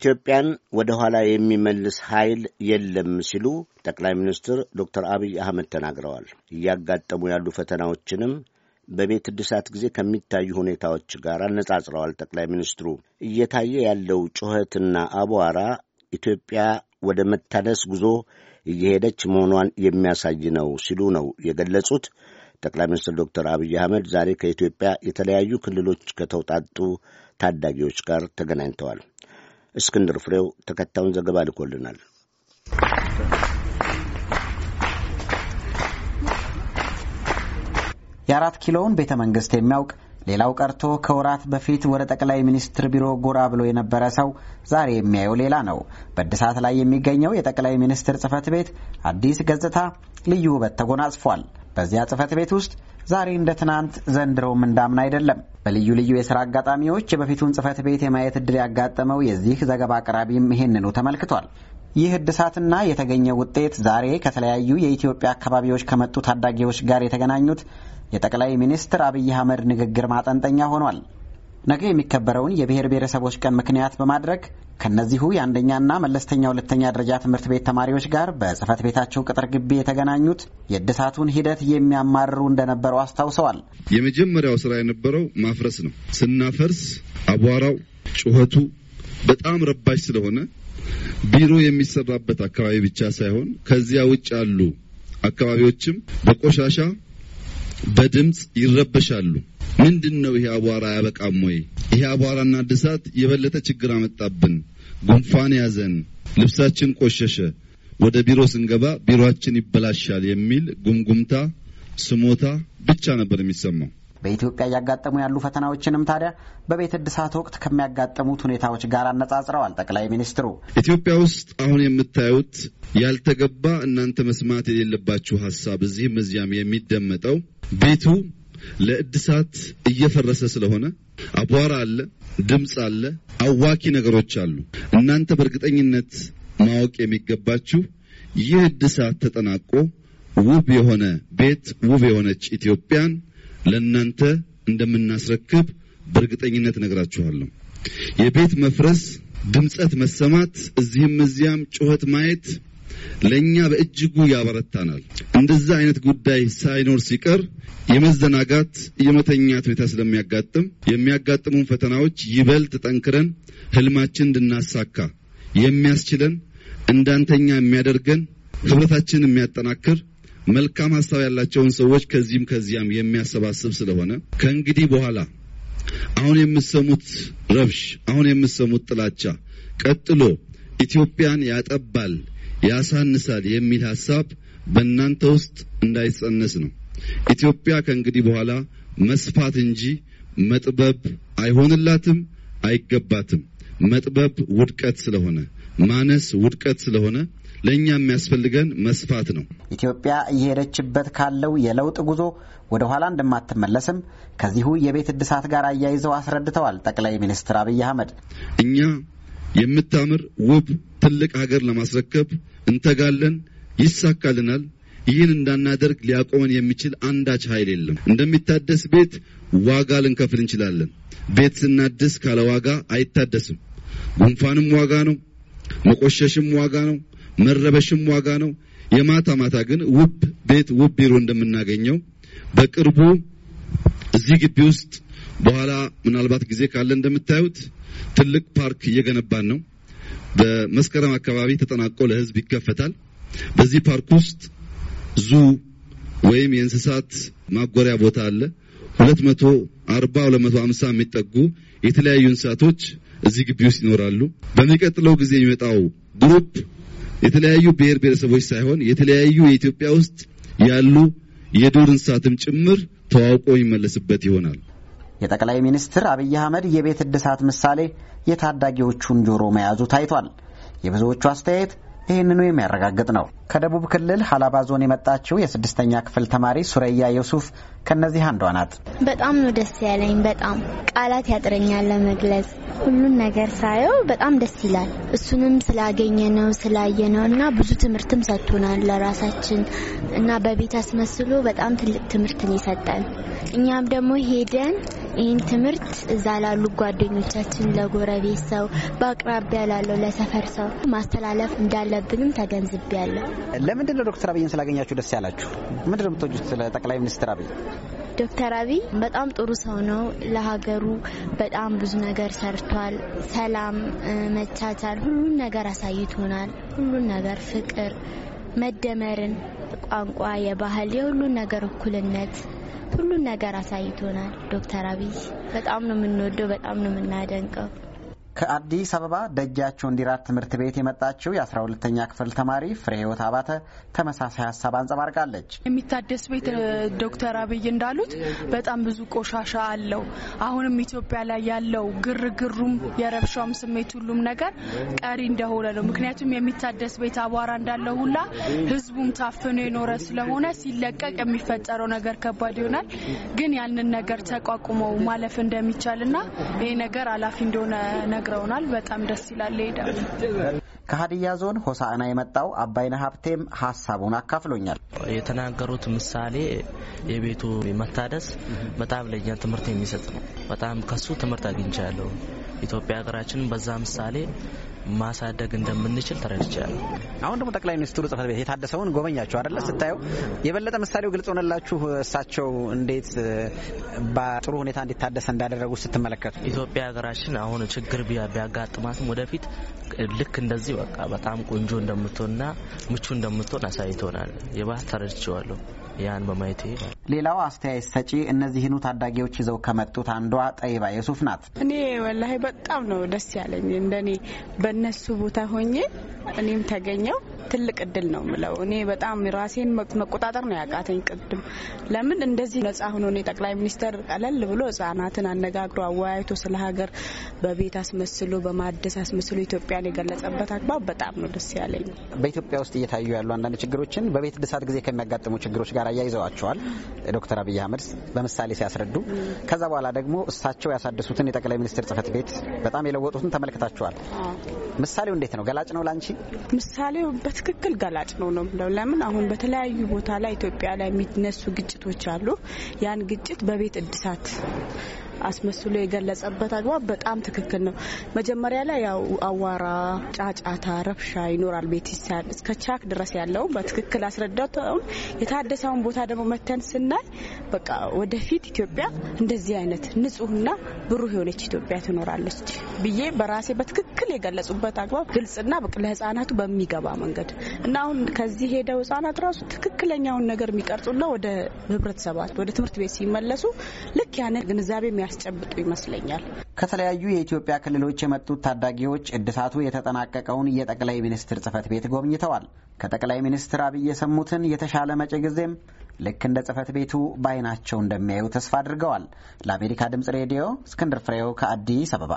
ኢትዮጵያን ወደ ኋላ የሚመልስ ኃይል የለም ሲሉ ጠቅላይ ሚኒስትር ዶክተር አብይ አህመድ ተናግረዋል። እያጋጠሙ ያሉ ፈተናዎችንም በቤት እድሳት ጊዜ ከሚታዩ ሁኔታዎች ጋር አነጻጽረዋል። ጠቅላይ ሚኒስትሩ እየታየ ያለው ጩኸትና አቧራ ኢትዮጵያ ወደ መታደስ ጉዞ እየሄደች መሆኗን የሚያሳይ ነው ሲሉ ነው የገለጹት። ጠቅላይ ሚኒስትር ዶክተር አብይ አህመድ ዛሬ ከኢትዮጵያ የተለያዩ ክልሎች ከተውጣጡ ታዳጊዎች ጋር ተገናኝተዋል። እስክንድር ፍሬው ተከታዩን ዘገባ ልኮልናል። የአራት ኪሎውን ቤተ መንግስት የሚያውቅ ሌላው ቀርቶ ከወራት በፊት ወደ ጠቅላይ ሚኒስትር ቢሮ ጎራ ብሎ የነበረ ሰው ዛሬ የሚያየው ሌላ ነው። በእድሳት ላይ የሚገኘው የጠቅላይ ሚኒስትር ጽህፈት ቤት አዲስ ገጽታ ልዩ ውበት ተጎናጽፏል። በዚያ ጽሕፈት ቤት ውስጥ ዛሬ እንደ ትናንት ዘንድሮውም እንዳምን አይደለም። በልዩ ልዩ የስራ አጋጣሚዎች የበፊቱን ጽህፈት ቤት የማየት እድል ያጋጠመው የዚህ ዘገባ አቅራቢም ይህንኑ ተመልክቷል። ይህ እድሳትና የተገኘው ውጤት ዛሬ ከተለያዩ የኢትዮጵያ አካባቢዎች ከመጡ ታዳጊዎች ጋር የተገናኙት የጠቅላይ ሚኒስትር አብይ አህመድ ንግግር ማጠንጠኛ ሆኗል። ነገ የሚከበረውን የብሔር ብሔረሰቦች ቀን ምክንያት በማድረግ ከእነዚሁ የአንደኛና መለስተኛ ሁለተኛ ደረጃ ትምህርት ቤት ተማሪዎች ጋር በጽህፈት ቤታቸው ቅጥር ግቢ የተገናኙት የእድሳቱን ሂደት የሚያማርሩ እንደነበሩ አስታውሰዋል። የመጀመሪያው ስራ የነበረው ማፍረስ ነው። ስናፈርስ አቧራው፣ ጩኸቱ በጣም ረባሽ ስለሆነ ቢሮ የሚሰራበት አካባቢ ብቻ ሳይሆን ከዚያ ውጭ ያሉ አካባቢዎችም በቆሻሻ በድምፅ ይረበሻሉ። ምንድን ነው ይሄ አቧራ ያበቃም ወይ? ይሄ አቧራና እድሳት የበለጠ ችግር አመጣብን። ጉንፋን ያዘን፣ ልብሳችን ቆሸሸ፣ ወደ ቢሮ ስንገባ ቢሮአችን ይበላሻል የሚል ጉምጉምታ፣ ስሞታ ብቻ ነበር የሚሰማው። በኢትዮጵያ እያጋጠሙ ያሉ ፈተናዎችንም ታዲያ በቤት እድሳት ወቅት ከሚያጋጥሙት ሁኔታዎች ጋር አነጻጽረዋል ጠቅላይ ሚኒስትሩ። ኢትዮጵያ ውስጥ አሁን የምታዩት ያልተገባ እናንተ መስማት የሌለባችሁ ሀሳብ እዚህም እዚያም የሚደመጠው ቤቱ ለእድሳት እየፈረሰ ስለሆነ አቧራ አለ፣ ድምፅ አለ፣ አዋኪ ነገሮች አሉ። እናንተ በእርግጠኝነት ማወቅ የሚገባችሁ ይህ እድሳት ተጠናቆ ውብ የሆነ ቤት ውብ የሆነች ኢትዮጵያን ለእናንተ እንደምናስረክብ በእርግጠኝነት እነግራችኋለሁ። የቤት መፍረስ፣ ድምፀት መሰማት፣ እዚህም እዚያም ጩኸት ማየት ለእኛ በእጅጉ ያበረታናል። እንደዛ አይነት ጉዳይ ሳይኖር ሲቀር የመዘናጋት የመተኛት ሁኔታ ስለሚያጋጥም የሚያጋጥሙን ፈተናዎች ይበልጥ ጠንክረን ህልማችን እንድናሳካ የሚያስችለን እንዳንተኛ የሚያደርገን ህብረታችንን የሚያጠናክር መልካም ሀሳብ ያላቸውን ሰዎች ከዚህም ከዚያም የሚያሰባስብ ስለሆነ ከእንግዲህ በኋላ አሁን የምሰሙት ረብሽ፣ አሁን የምሰሙት ጥላቻ ቀጥሎ ኢትዮጵያን ያጠባል ያሳንሳል የሚል ሀሳብ በእናንተ ውስጥ እንዳይጸነስ ነው። ኢትዮጵያ ከእንግዲህ በኋላ መስፋት እንጂ መጥበብ አይሆንላትም፣ አይገባትም። መጥበብ ውድቀት ስለሆነ፣ ማነስ ውድቀት ስለሆነ ለእኛ የሚያስፈልገን መስፋት ነው። ኢትዮጵያ እየሄደችበት ካለው የለውጥ ጉዞ ወደ ኋላ እንደማትመለስም ከዚሁ የቤት እድሳት ጋር አያይዘው አስረድተዋል ጠቅላይ ሚኒስትር አብይ አህመድ። እኛ የምታምር ውብ ትልቅ ሀገር ለማስረከብ እንተጋለን፣ ይሳካልናል። ይህን እንዳናደርግ ሊያቆመን የሚችል አንዳች ኃይል የለም። እንደሚታደስ ቤት ዋጋ ልንከፍል እንችላለን። ቤት ስናድስ ካለ ዋጋ አይታደስም። ጉንፋንም ዋጋ ነው፣ መቆሸሽም ዋጋ ነው፣ መረበሽም ዋጋ ነው። የማታ ማታ ግን ውብ ቤት ውብ ቢሮ እንደምናገኘው በቅርቡ እዚህ ግቢ ውስጥ በኋላ ምናልባት ጊዜ ካለ እንደምታዩት ትልቅ ፓርክ እየገነባን ነው። በመስከረም አካባቢ ተጠናቆ ለህዝብ ይከፈታል። በዚህ ፓርክ ውስጥ ዙ ወይም የእንስሳት ማጎሪያ ቦታ አለ። ሁለት መቶ አርባ ሁለት መቶ የሚጠጉ የተለያዩ እንስሳቶች እዚህ ግቢ ውስጥ ይኖራሉ። በሚቀጥለው ጊዜ የሚመጣው ግሩፕ የተለያዩ ብሔር ብሔረሰቦች ሳይሆን የተለያዩ የኢትዮጵያ ውስጥ ያሉ የዱር እንስሳትም ጭምር ተዋውቆ የሚመለስበት ይሆናል። የጠቅላይ ሚኒስትር አብይ አህመድ የቤት እድሳት ምሳሌ የታዳጊዎቹን ጆሮ መያዙ ታይቷል። የብዙዎቹ አስተያየት ይህንኑ የሚያረጋግጥ ነው። ከደቡብ ክልል ሀላባ ዞን የመጣችው የስድስተኛ ክፍል ተማሪ ሱረያ ዮሱፍ ከእነዚህ አንዷ ናት። በጣም ነው ደስ ያለኝ። በጣም ቃላት ያጥረኛል ለመግለጽ። ሁሉን ነገር ሳየው በጣም ደስ ይላል። እሱንም ስላገኘ ነው ስላየ ነው እና ብዙ ትምህርትም ሰጥቶናል ለራሳችን እና በቤት አስመስሎ በጣም ትልቅ ትምህርትን ይሰጠን። እኛም ደግሞ ሄደን ይህን ትምህርት እዛ ላሉ ጓደኞቻችን፣ ለጎረቤት ሰው፣ በአቅራቢያ ላለው ለሰፈር ሰው ማስተላለፍ እንዳለብንም ተገንዝቤያለሁ። ለምንድን ነው ዶክተር አብይን ስላገኛችሁ ደስ ያላችሁ? ምንድን ነው የምትወጁት ለጠቅላይ ሚኒስትር አብይ? ዶክተር አብይ በጣም ጥሩ ሰው ነው። ለሀገሩ በጣም ብዙ ነገር ሰርቷል። ሰላም፣ መቻቻል፣ ሁሉን ነገር አሳይቶናል። ሁሉን ነገር ፍቅር፣ መደመርን ቋንቋ፣ የባህል፣ የሁሉን ነገር እኩልነት ሁሉን ነገር አሳይቶናል። ዶክተር አብይ በጣም ነው የምንወደው፣ በጣም ነው የምናደንቀው። ከአዲስ አበባ ደጃቸው እንዲራት ትምህርት ቤት የመጣችው የአስራ ሁለተኛ ክፍል ተማሪ ፍሬ ህይወት አባተ ተመሳሳይ ሀሳብ አንጸባርቃለች። የሚታደስ ቤት ዶክተር አብይ እንዳሉት በጣም ብዙ ቆሻሻ አለው። አሁንም ኢትዮጵያ ላይ ያለው ግርግሩም የረብሻውም ስሜት ሁሉም ነገር ቀሪ እንደሆነ ነው። ምክንያቱም የሚታደስ ቤት አቧራ እንዳለው ሁላ ህዝቡም ታፍኖ የኖረ ስለሆነ ሲለቀቅ የሚፈጠረው ነገር ከባድ ይሆናል። ግን ያንን ነገር ተቋቁመው ማለፍ እንደሚቻልና ይህ ነገር አላፊ እንደሆነ ነገር ነግረውናል። በጣም ደስ ይላል። ይሄዳል። ከሀዲያ ዞን ሆሳዕና የመጣው አባይነ ሀብቴም ሀሳቡን አካፍሎኛል። የተናገሩት ምሳሌ የቤቱ መታደስ በጣም ለኛ ትምህርት የሚሰጥ ነው። በጣም ከሱ ትምህርት አግኝቻለሁ። ኢትዮጵያ ሀገራችን በዛ ምሳሌ ማሳደግ እንደምንችል ተረድቻለሁ። አሁን ደግሞ ጠቅላይ ሚኒስትሩ ጽህፈት ቤት የታደሰውን ጎበኛችሁ አደለ? ስታየው የበለጠ ምሳሌው ግልጽ ሆነላችሁ። እሳቸው እንዴት በጥሩ ሁኔታ እንዲታደሰ እንዳደረጉ ስትመለከቱ ኢትዮጵያ ሀገራችን አሁን ችግር ቢያጋጥማትም ወደፊት ልክ እንደዚህ በቃ በጣም ቆንጆ እንደምትሆንና ምቹ እንደምትሆን አሳይቶናል። የባህር ተረድቼዋለሁ። ያን በማየቴ ሌላው አስተያየት ሰጪ እነዚህኑ ታዳጊዎች ይዘው ከመጡት አንዷ ጠይባ የሱፍ ናት። እኔ ወላሂ በጣም ነው ደስ ያለኝ እንደኔ በእነሱ ቦታ ሆኜ እኔም ተገኘው ትልቅ እድል ነው ምለው። እኔ በጣም ራሴን መቆጣጠር ነው ያቃተኝ ቅድም። ለምን እንደዚህ ነጻ ሆኖ እኔ ጠቅላይ ሚኒስተር ቀለል ብሎ ህጻናትን አነጋግሮ አወያይቶ ስለ ሀገር በቤት አስመስሎ በማደስ አስመስሎ ኢትዮጵያን የገለጸበት አግባብ በጣም ነው ደስ ያለኝ። በኢትዮጵያ ውስጥ እየታዩ ያሉ አንዳንድ ችግሮችን በቤት እድሳት ጊዜ ከሚያጋጥሙ ችግሮች ጋር አያይዘዋቸዋል ዶክተር አብይ አህመድ በምሳሌ ሲያስረዱ። ከዛ በኋላ ደግሞ እሳቸው ያሳደሱትን የጠቅላይ ሚኒስትር ጽህፈት ቤት በጣም የለወጡትን ተመልክታቸዋል። ምሳሌው እንዴት ነው? ገላጭ ነው ላንቺ ምሳሌው በትክክል ገላጭ ነው ነው ብለው ለምን አሁን በተለያዩ ቦታ ላይ ኢትዮጵያ ላይ የሚነሱ ግጭቶች አሉ። ያን ግጭት በቤት እድሳት አስመስሎ የገለጸበት አግባብ በጣም ትክክል ነው። መጀመሪያ ላይ ያው አዋራ፣ ጫጫታ፣ ረብሻ ይኖራል። ቤት ይሳል እስከ ቻክ ድረስ ያለው በትክክል አስረዳተውን የታደሰውን ቦታ ደግሞ መተን ስናይ በቃ ወደፊት ኢትዮጵያ እንደዚህ አይነት ንጹህና ብሩህ የሆነች ኢትዮጵያ ትኖራለች ብዬ በራሴ በትክክል የገለጹበት አግባብ ግልጽና ለህጻናቱ በሚገባ መንገድ እና አሁን ከዚህ ሄደው ህጻናት ራሱ ትክክለኛውን ነገር የሚቀርጹና ወደ ህብረተሰባት ወደ ትምህርት ቤት ሲመለሱ ልክ ያንን ግንዛቤ የሚያስጨብጡ ይመስለኛል። ከተለያዩ የኢትዮጵያ ክልሎች የመጡት ታዳጊዎች እድሳቱ የተጠናቀቀውን የጠቅላይ ሚኒስትር ጽህፈት ቤት ጎብኝተዋል። ከጠቅላይ ሚኒስትር አብይ የሰሙትን የተሻለ መጪ ጊዜም ልክ እንደ ጽህፈት ቤቱ በአይናቸው እንደሚያዩ ተስፋ አድርገዋል። ለአሜሪካ ድምጽ ሬዲዮ እስክንድር ፍሬው ከአዲስ አበባ